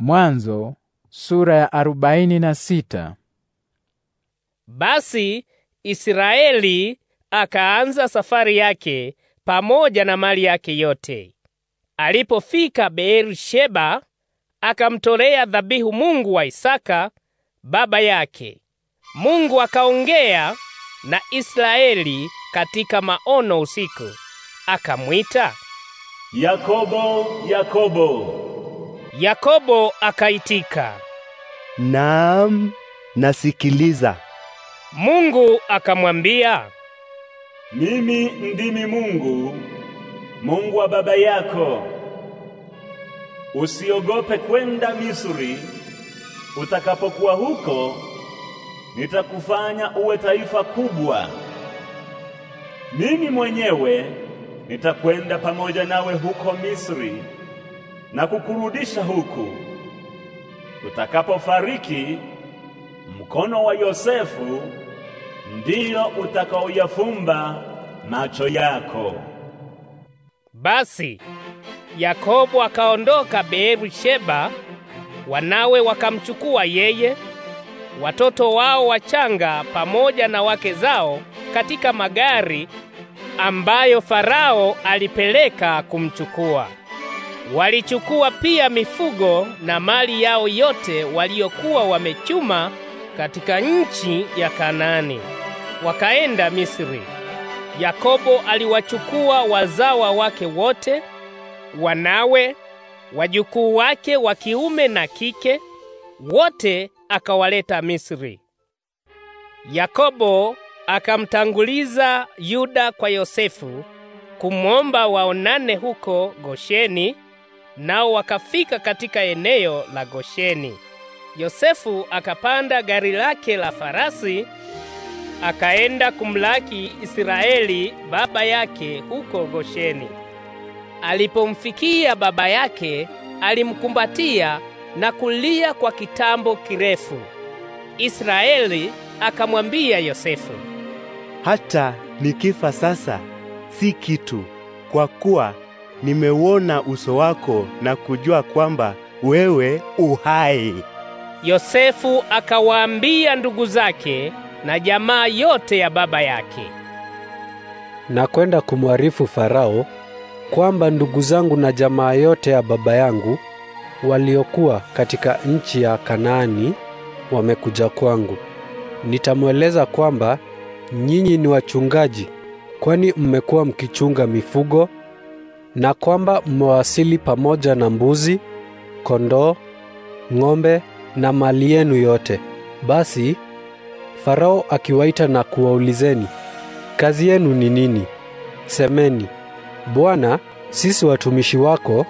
Mwanzo sura ya arobaini na sita. Basi Israeli akaanza safari yake pamoja na mali yake yote. Alipofika Beersheba, akamtolea dhabihu Mungu wa Isaka baba yake. Mungu akaongea na Israeli katika maono usiku, akamwita Yakobo, Yakobo. Yakobo akaitika, Naam, nasikiliza. Mungu akamwambia, Mimi ndimi Mungu, Mungu wa baba yako. Usiogope kwenda Misri. Utakapokuwa huko, nitakufanya uwe taifa kubwa. Mimi mwenyewe nitakwenda pamoja nawe huko Misri na kukurudisha huku. Utakapofariki, mkono wa Yosefu ndiyo utakaoyafumba macho yako. Basi Yakobo akaondoka Sheba, wanawe wakamchukua yeye, watoto wao wachanga pamoja na wake zao katika magari ambayo Farao alipeleka kumchukua. Walichukua pia mifugo na mali yao yote waliokuwa wamechuma katika nchi ya Kanaani, wakaenda Misri. Yakobo aliwachukua wazawa wake wote, wanawe, wajukuu wake wa kiume na kike, wote akawaleta Misri. Yakobo akamtanguliza Yuda kwa Yosefu kumwomba waonane huko Gosheni nao wakafika katika eneo la Gosheni. Yosefu akapanda gari lake la farasi akaenda kumlaki Israeli baba yake huko Gosheni. Alipomfikia baba yake, alimkumbatia na kulia kwa kitambo kirefu. Israeli akamwambia Yosefu, hata nikifa sasa si kitu, kwa kuwa nimeuona uso wako na kujua kwamba wewe uhai. Yosefu akawaambia ndugu zake na jamaa yote ya baba yake, na kwenda kumwarifu Farao kwamba ndugu zangu na jamaa yote ya baba yangu waliokuwa katika nchi ya Kanaani wamekuja kwangu. Nitamweleza kwamba nyinyi ni wachungaji, kwani mmekuwa mkichunga mifugo na kwamba mmewasili pamoja na mbuzi, kondoo, ng'ombe na mali yenu yote. Basi Farao akiwaita na kuwaulizeni, kazi yenu ni nini? Semeni, Bwana, sisi watumishi wako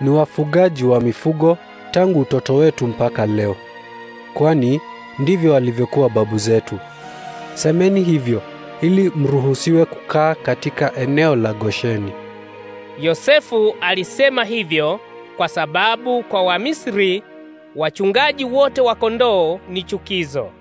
ni wafugaji wa mifugo tangu utoto wetu mpaka leo, kwani ndivyo walivyokuwa babu zetu. Semeni hivyo ili mruhusiwe kukaa katika eneo la Gosheni. Yosefu alisema hivyo kwa sababu kwa Wamisri wachungaji wote wa kondoo ni chukizo.